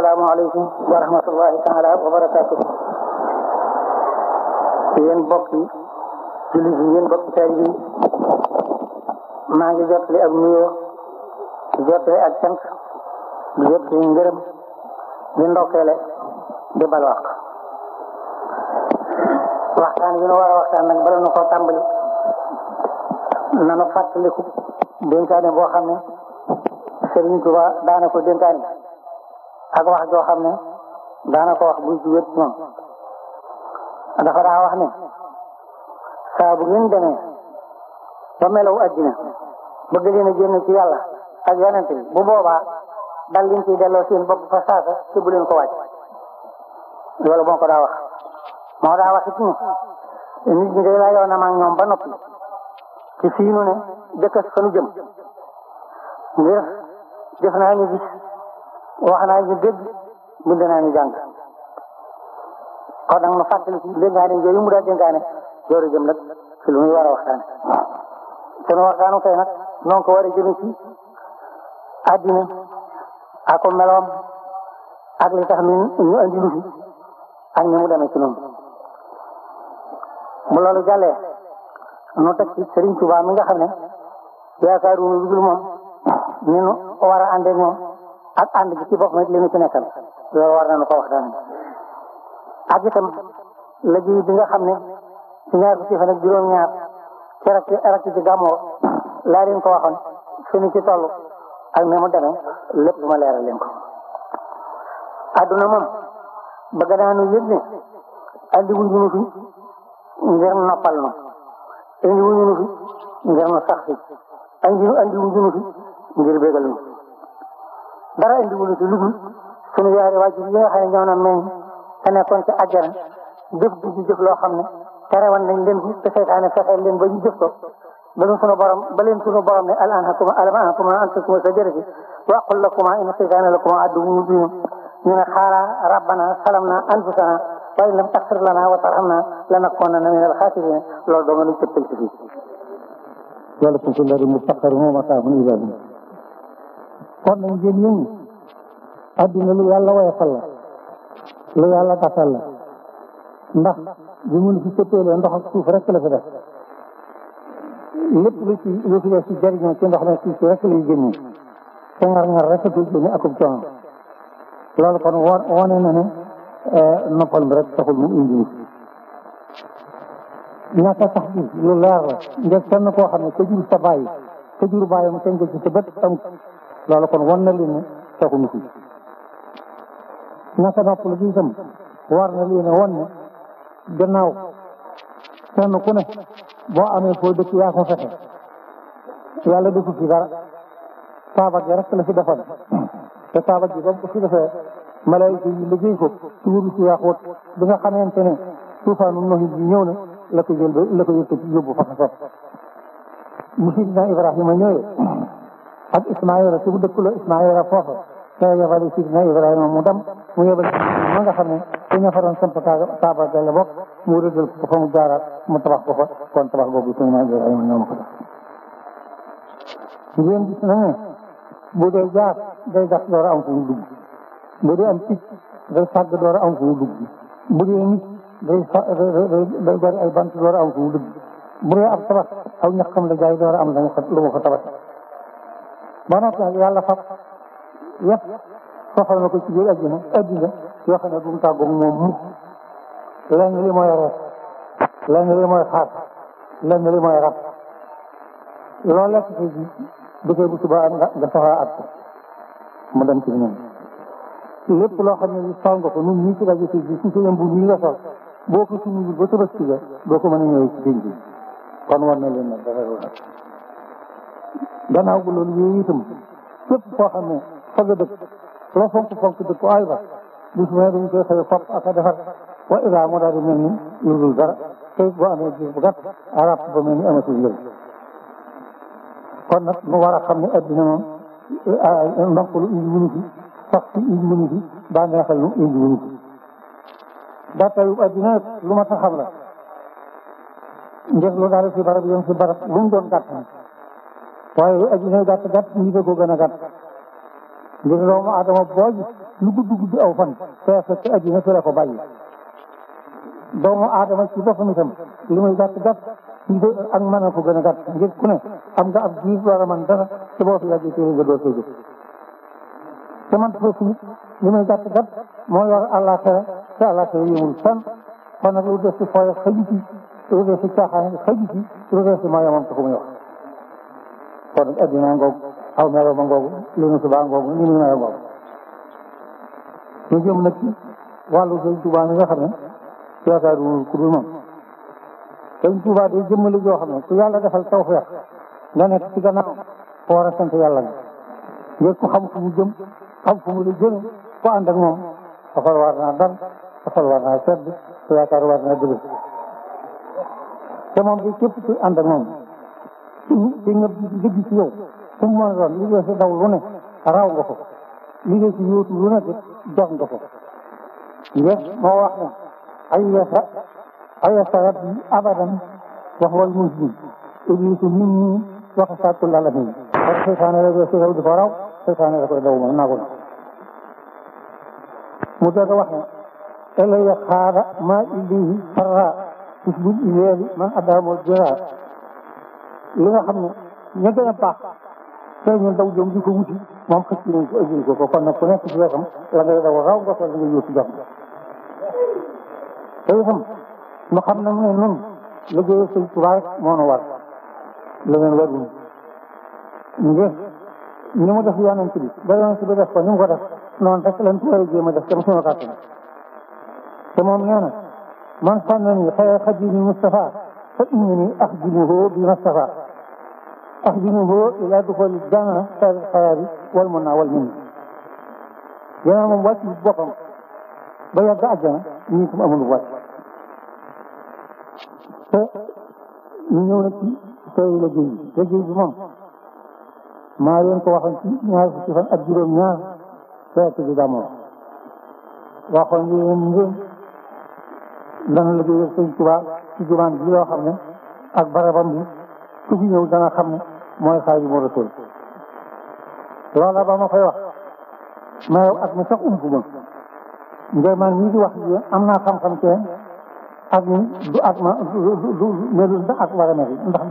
assalaamu aleykum wa rahmatullahi yi jullit yi yéen maa ngi jottali ak nuyoo di jottali ak cant di jottali ngërëm di ndokkeele di bal wax waxtaan bi nu war a waxtaan nag bala nu ko tàmbali nanu fàttaliku dénkaane boo xam ne Sëriñ Tuubaa daana ko dénkaane ak wax joo xam ne daana ko wax buy juwét moom dafa daa wax ne saa bu ngeen demee ba melaw àddina bëgg leen a génn ci yàlla ak yonent bi bu boobaa dal liñ ciy delloo seen bopp fa saasa te bu ko wàcc loolu moo ko daa wax moo daa wax it ne nit ñi day laa yoon ñoom ba noppi ci fii ne dëkkas fa nu ngir def naa ñu gis wax naa ñu dégg bind naa ñu jàng kon nag ma fàttali ci dénkaane yooyu mu daa dénkaane door a jëm nag ci lu war a waxtaane sunu waxtaanu kay nag noonu ko war a jëme ci àddina ak ko meloom ak li tax andi lu fi ak ni mu demee ci bu loolu jàllee nu teg ci Sëriñ Tuubaa nga xam ne yaakaaru ñu dul moom ni nu war a àndee moom ak ànd gi ci boppam it li mu ci nekkal loolu war nañu ko wax daanaka ak itam liggéey bi nga xam ne ci ñaar fukki fan ak juróom-ñaar ci rakk rakk ci gàmmoo laa leen ko waxoon fi mu ci toll ak ni demee lépp ma leeral leen ko. adduna moom bëgg naa nu yëg ne andi wuñu ñu ngir noppal ma andi wuñu ñu ngir nu sax fi andi andi wuñu ngir bégal ma. dara indiwulu ci ludul suñu yaari waajur yi nga xam ne ñoo na meñ te nekkoon ci àjjana jëf ji di jëf loo xam ne terewan nañ leen ko te seytaane fexe leen ba ñu jëf ko ba ñu sunu borom ba leen sunu borom ne al anhakuma alam anhakuma an tasuma sa jërëji wa qul lakuma inna seytaane lakuma addu mubinum ñu ne xaala rabbana salamna anfusana wa in lam taxfir lana wa tarhamna lanakunanna min al xaasirina loolu doo nga ñu tëppal ci fii yàlla suñ ko leeral mu taqar moom ataa mu ñu leeral kon nañ jëm yëngu adduna lu yàlla woyofal la lu yàlla tasal la ndax bi mun fi sëppeelee ndox ak suuf rek la fi def lépp lu ci lu fi def ci jariñoo ci ndox nag suuf rek lay génne te ngar ngar rek a génne akub coono loolu kon won wone na ne eh, noppal bi rek taxul mu indi nit ñàkk a sax lu leer nga kenn koo xam ne jur sa bàyyi ka jur bàyyi mu tënk ci sa bët am loolu kon wan na li ne taxuñu fi naka noppalu gi itam war na lii ne wan ne gannaaw kenn ku ne boo amee foo dëkk yaa ko fexe bi defu ci dara taaba gi rek la fi defal te taaba gi ba ko fi defee malayka yi liggéey ko ci wuru si yaaxoot bi nga xamante ne tuufaanu noxi bi ñëw na la ko jël la ko yëpp yóbbu fa ko fekk musib na Ibrahima ñëwee ak Ismaayila ci bu dëkkuloo Ismaayila foofu ca yebale sidina Ibrahima mu dem mu yebale ma nga xam ne su ñu fa doon samp Kaaba ga la bokk mu rëddal ko fa mu jaaraat mu tabax ko kon tabax googu sidina Ibrahima ñoo ma ko def ngeen gis nañu bu dee jaar day door a am fu mu dugg bu dee am picc day sàgg door a am fu mu dugg bu dee nit ay bant door a am fu mu ab tabax aw ñaxam la jaay door a am la lu ma ko tabax ba noppi nag yàlla fab yëpp fafal na ko ci biir àddina àddina yoo xam ne bu mu tàggu moom mukk lenn li mooy rees lenn li mooy xaar lenn li mooy rab loolu lekk ci bëggee bu subaa nga nga soxla at ko mu dem ci ñun lépp loo xam ne sol nga ko ñun ñii ci rajo bi ci suñu mbubb ñii nga sol boo ko suñu ba suba si doo ko mën a ñëwee ci dénk bi kon war na leen ne dara gannaaw gu loolu yooyu itam képp koo xam ne fa nga dëkk loo fonk fonk dëkk ay ba bis bu ne dañu koy xëy fopp ak a defar wa ila moo daal di mel ni lu dul dara te boo amee gis bu ba mel ni amatul njëriñ kon nag a xam ne la njëf lu daal fi barab yom fi barab lu mu doon gàtt waaye lu aju xew gàtt gàtt ñu bëgg ko gën a gàtt ngir doomu aadama boo gis lu gudd gudd aw fan fee fekk aju na fi la ko bàyyi doomu aadama ci boppam itam li muy gàtt gàtt ñu ak mën ko gën a gàtt ngir ku am nga ab diir war a mën dara te boo fi yàggee ci nga doo sëgg te man foofu it li gàtt gàtt moo yor àllaaxira te àllaaxira yëmul fenn kon nag lu des ci fooy xëju ci lu des ci caaxaan xëju ci lu des ci maa yamam taxu muy wax kon adduna ngoog aw melo ba ngoog li nu subaa ngoog li nu melo ngoog ñu jëm nag ci wàllu sëñ Tuubaa nga xam ne yaakaaru ku joo xam ne ku yàlla defal tawfeex nga nekk war sant yàlla nga naa dal te moom bi képp ku ànd ak moom te nga dëgg ci yow su mu mën a doon li weesu daw raw nga ko li nga ci yóotu lu ne def nga ko yees moo wax ne ay yeesa ay yeesa rabbi abadan wax wal muslim iblisu min nii wax sàkkul alamin parce que seytaane la weesu daw di raw seytaane la koy daw ma naa ko mu doon wax ne elay xaara maa illihi farra tusbul ileeli man adaamoo jiraar li nga xam ne ña gën a baax tey ñun daw jom di ko wuti moom xëcc nañ ko ëjjil ko ko kon nag ku nekk ci wetam la ngay daw raw nga ko la ngay yóotu jox te itam ñu xam nañ ne ñun liggéey sëñ Tuubaa rek moo nu war leneen waruñu ngir ni mu def yonent bi ba yonent bi def ko ni mu ko def noonu rek lañ ko war a jéem a def te mu suñu kàttan te moom nee na man fànnani xayra xadimi Mustafa fa innani axdimuhu bi Mustafa أخدمه إلى دخول الجامعة دار القرار والمنى والمنى يا من وقت بقم بيض أجمع منكم أمر الوقت ñu ñëw na ci tey la géej liggéey bi moom maa leen ko waxoon ci ñaar fukki fan ak juróom-ñaar feete bi gàmmoo waxoon yi yéen ngeen dana liggéeyal sëñ Tuubaa ci jumaan bi loo xam ak barabam ku ci ñëw dana xam mooy Xaadimu Rasuul loola ba ma koy wax ma yow ak mi sax ump ma ngay man ñii di wax am naa xam-xam te ak mi du ak ma du melul ndax ak war a mel million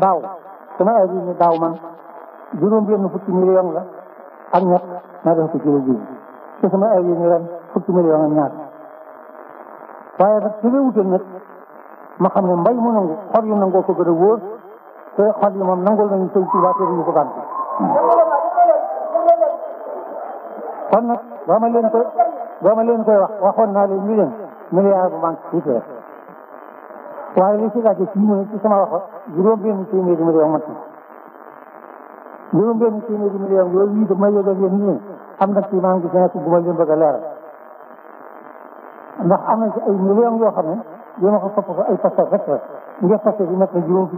la ak ñett ma def ko la jiw te million ak ñaar waaye nag su dee wutal nag ma xam ne mbay mu nangu xor yu nangoo ko gën wóor te xol yi moom nangul nañu sëñ Tuubaa te duñu ko bànqee. kon nag boo ma leen koy boo ma leen koy wax waxoon naa leen ñu leen milliard bu banque fii ci waaye li ci laajee ci ñu ci sama waxo juróom-benn téeméeri million mat na juróom-benn téeméeri million yooyu yii dama yëgal yéen ñu leen am na ci maa ngi gis nekk bu ma leen bëgg a leeral am na yoo xam يوم غطفها أي فصغتها مجففة بمثل ديون في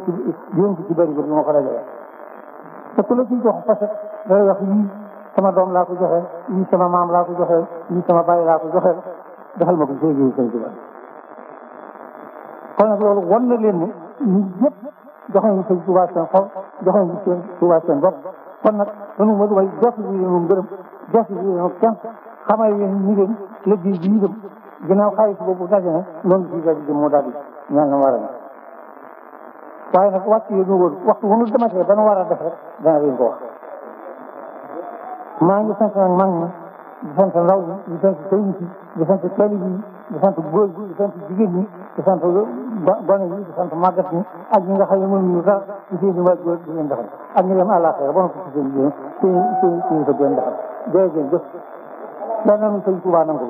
ديون في كبار جرم خلاجها فكل شيء تحفظ غير يخيي sama doom laa ko joxe lii sama maam laa ko joxe lii sama bàyyi laa ko joxe defal ma ko soo jëlee sëñ Tuubaa kon nag loolu wan na leen ne ñu yëpp joxe ñu sëñ Tuubaa seen xol joxe ñu sëñ Tuubaa seen bopp kon nag sunu ma dumay jox li leen moom gërëm jox li leen moom kenn xamal leen ni leen liggéey bi ñu dem ginnaaw xaalis boobu daje na loolu si daal di moo daal di ñaan na war a ne waaye nag waxtu yooyu ñu wóor waxtu wu ñu dematee ba nu war a def rek dana leen ko wax. maa ngi sant nag mag ñi di sant ndaw ñi di sant sëriñ si di sant taalibe yi di sant góor gi di sant jigéen ñi di sant gone yi di sant màggat ñi ak ñi nga xam ne mënuñu dara di seen i waajur di leen defal ak ñi dem àllaaxira ba noppi si seen i seen i seen i defal jërëjëf jëf yal na nu sëriñ Tuubaa nangu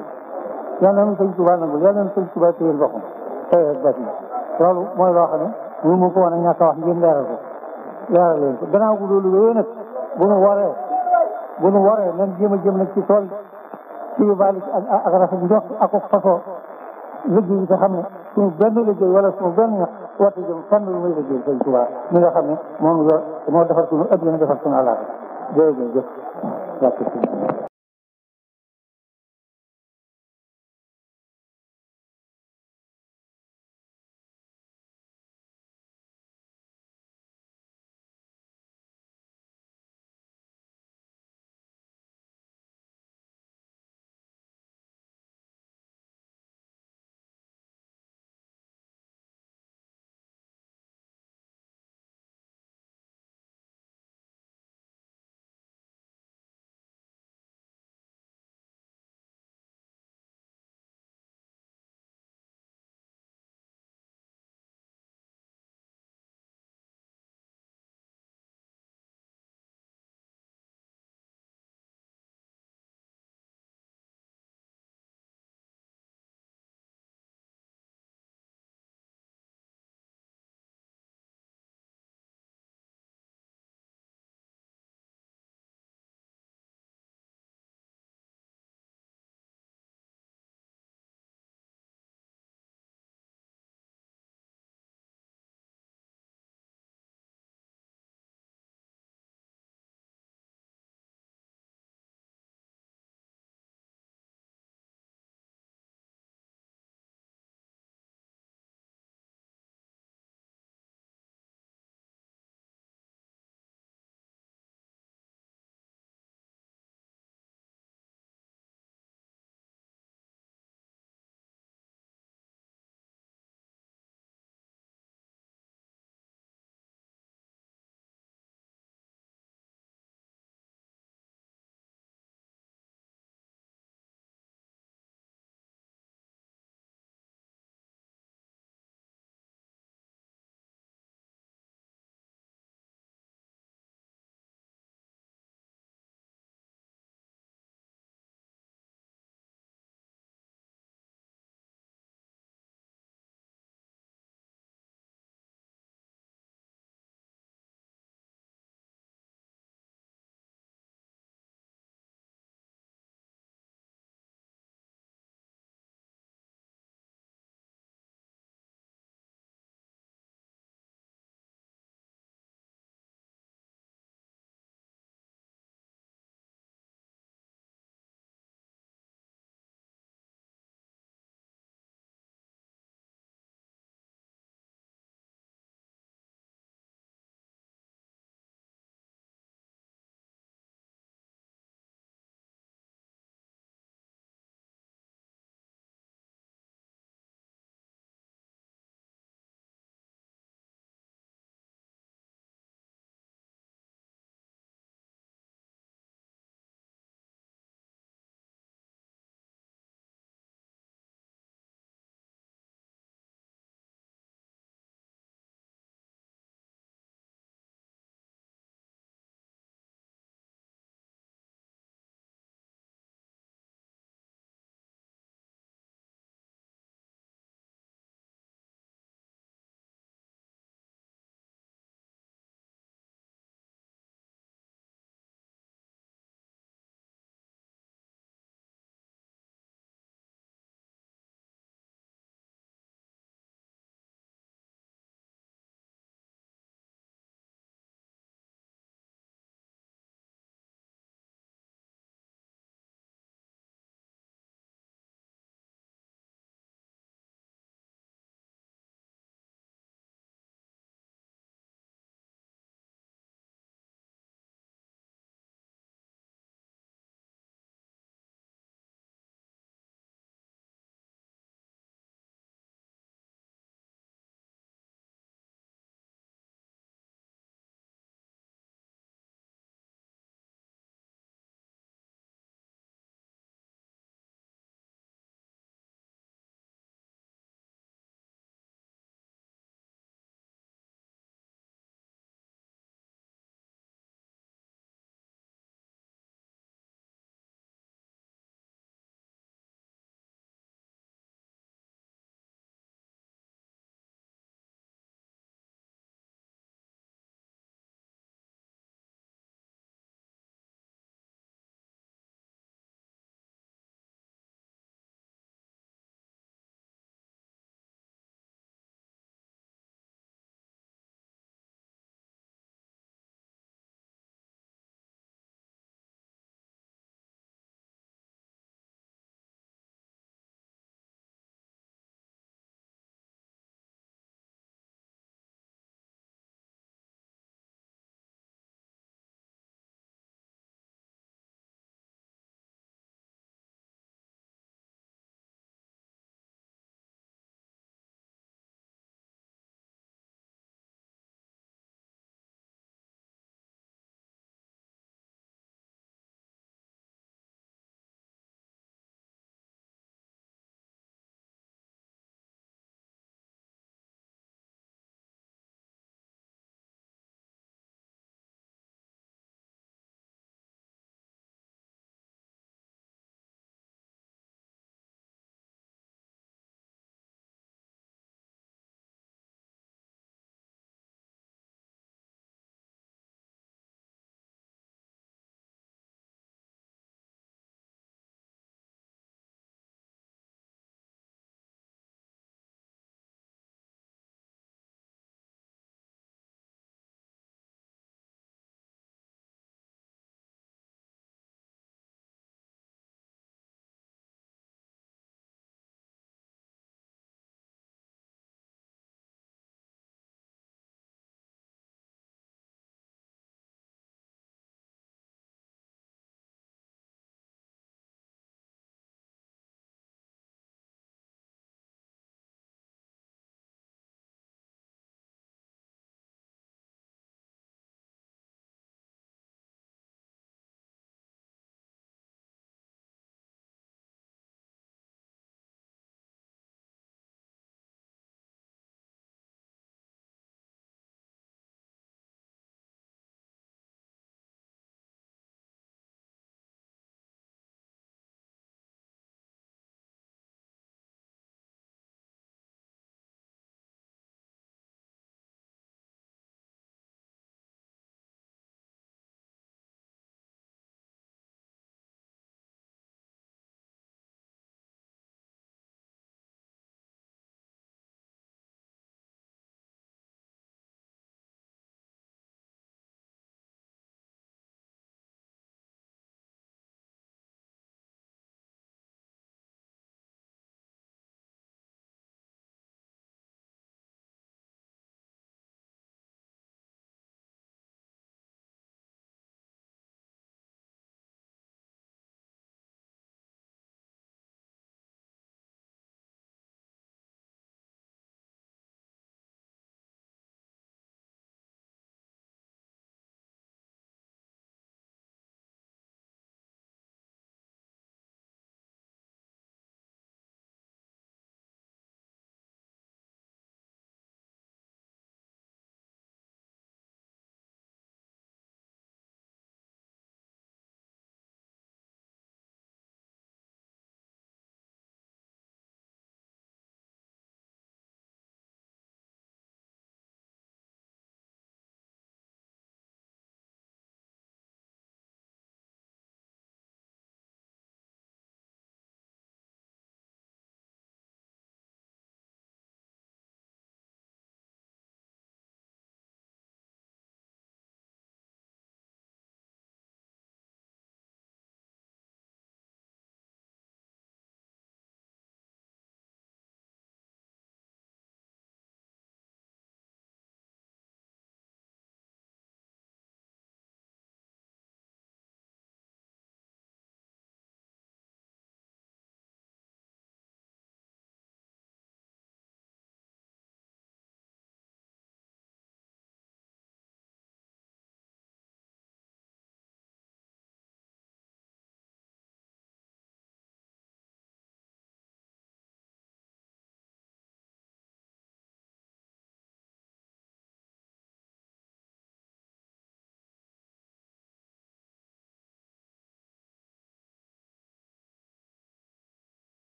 yàlla sëñ Tuubaa nangu yàlla sëñ Tuubaa téyel boppam téyel boppam loolu mooy loo xam ne ñu mu ko woon a ñàkk a wax ngeen leeral ko leeral leen ko gannaaw gu loolu wéyoo nag bu nu waree bu nu waree nañ jéem a jëm nag ci tool ci yu bàyyi ak ak rafet ndox ak fasoo liggéey bi nga xam ne suñu benn liggéey wala suñu benn ñax war a jëm fenn lu muy liggéey sëñ Tuubaa mi nga xam ne moom yor moo defar suñu ëpp defar suñu àllaaxira jërëjëf